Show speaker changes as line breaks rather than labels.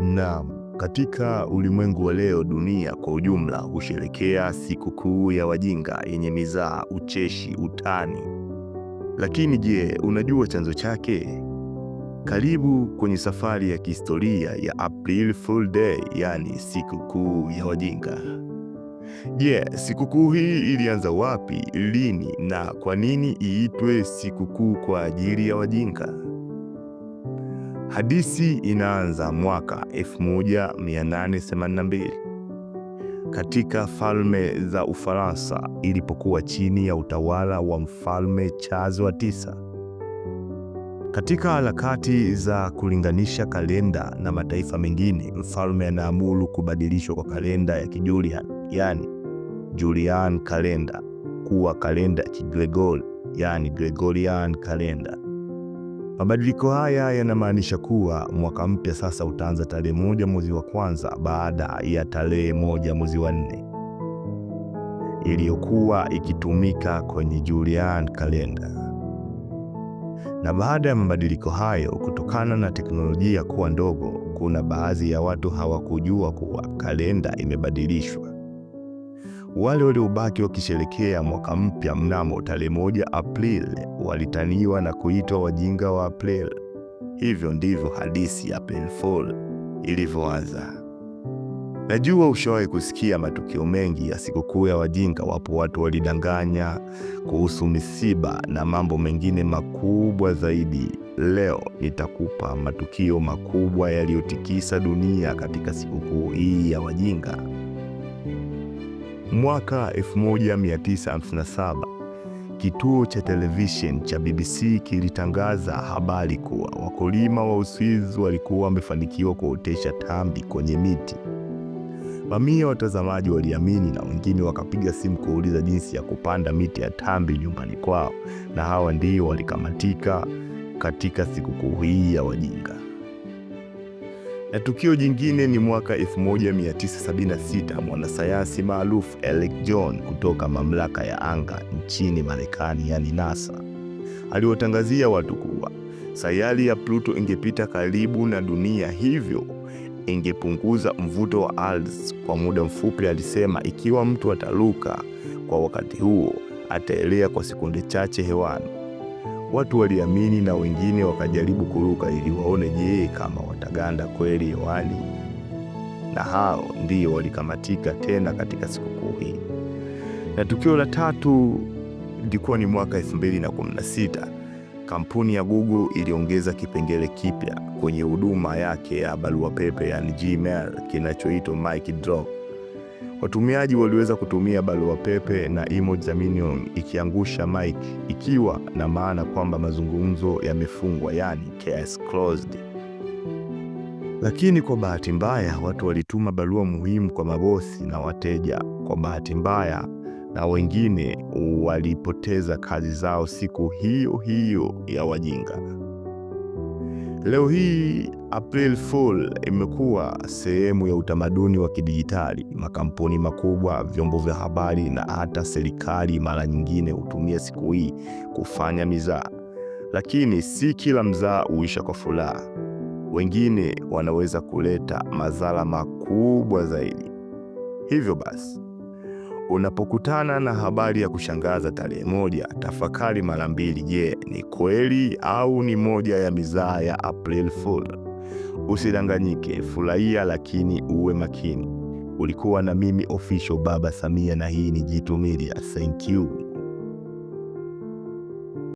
Naam. Katika ulimwengu wa leo, dunia kwa ujumla husherekea sikukuu ya wajinga yenye mizaa, ucheshi, utani. Lakini je, unajua chanzo chake? Karibu kwenye safari ya kihistoria ya April Fool Day, yaani sikukuu ya wajinga. Je, yeah, sikukuu hii ilianza wapi, lini na kwa nini iitwe sikukuu kwa ajili ya wajinga? Hadithi inaanza mwaka 1882 katika falme za Ufaransa ilipokuwa chini ya utawala wa mfalme Charles wa tisa. Katika harakati za kulinganisha kalenda na mataifa mengine, mfalme anaamuru kubadilishwa kwa kalenda ya Kijulian, yani Julian kalenda, kuwa kalenda ya Kigregori, yani Gregorian kalenda. Mabadiliko haya yanamaanisha kuwa mwaka mpya sasa utaanza tarehe moja mwezi wa kwanza baada ya tarehe moja mwezi wa nne iliyokuwa ikitumika kwenye Julian kalenda na baada ya mabadiliko hayo, kutokana na teknolojia kuwa ndogo, kuna baadhi ya watu hawakujua kuwa kalenda imebadilishwa. Wale waliobaki wakisherekea mwaka mpya mnamo tarehe moja Aprili walitaniwa na kuitwa wajinga wa Aprili. Hivyo ndivyo hadithi ya April Fool ilivyoanza. Najua ushawahi kusikia matukio mengi ya sikukuu ya wajinga. Wapo watu walidanganya kuhusu misiba na mambo mengine makubwa zaidi. Leo nitakupa matukio makubwa yaliyotikisa dunia katika sikukuu hii ya wajinga. Mwaka 1957 kituo cha televishen cha BBC kilitangaza habari kuwa wakulima wa Uswizi walikuwa wamefanikiwa kuotesha tambi kwenye miti. Mamia watazamaji waliamini na wengine wakapiga simu kuuliza jinsi ya kupanda miti ya tambi nyumbani kwao, na hawa ndio walikamatika katika sikukuu hii ya wajinga. Na tukio jingine ni mwaka 1976 mwanasayansi maarufu Eric John kutoka mamlaka ya anga nchini Marekani, yani NASA, aliwatangazia watu kuwa sayari ya Pluto ingepita karibu na dunia, hivyo ingepunguza mvuto wa ardhi kwa muda mfupi. Alisema ikiwa mtu ataruka kwa wakati huo ataelea kwa sekunde chache hewani. Watu waliamini na wengine wakajaribu kuruka ili waone, je, kama wataganda kweli hewani. Na hao ndio walikamatika tena katika sikukuu hii. Na tukio la tatu ilikuwa ni mwaka 2016 kampuni ya Google iliongeza kipengele kipya kwenye huduma yake ya barua pepe, yani Gmail, kinachoitwa Mic Drop. Watumiaji waliweza kutumia barua pepe na emoji za minion ikiangusha mic, ikiwa na maana kwamba mazungumzo yamefungwa, yani case closed. Lakini kwa bahati mbaya, watu walituma barua muhimu kwa mabosi na wateja kwa bahati mbaya, na wengine walipoteza kazi zao siku hiyo hiyo ya wajinga. Leo hii April Fool imekuwa sehemu ya utamaduni wa kidijitali. Makampuni makubwa, vyombo vya habari na hata serikali mara nyingine hutumia siku hii kufanya mizaa, lakini si kila mzaa huisha kwa furaha. Wengine wanaweza kuleta madhara makubwa zaidi. Hivyo basi Unapokutana na habari ya kushangaza tarehe moja, tafakari mara mbili. Je, ni kweli au ni moja ya mizaa ya April Fool? Usidanganyike, furahia lakini uwe makini. Ulikuwa na mimi official Baba Samia, na hii ni Jitu Media. Thank you.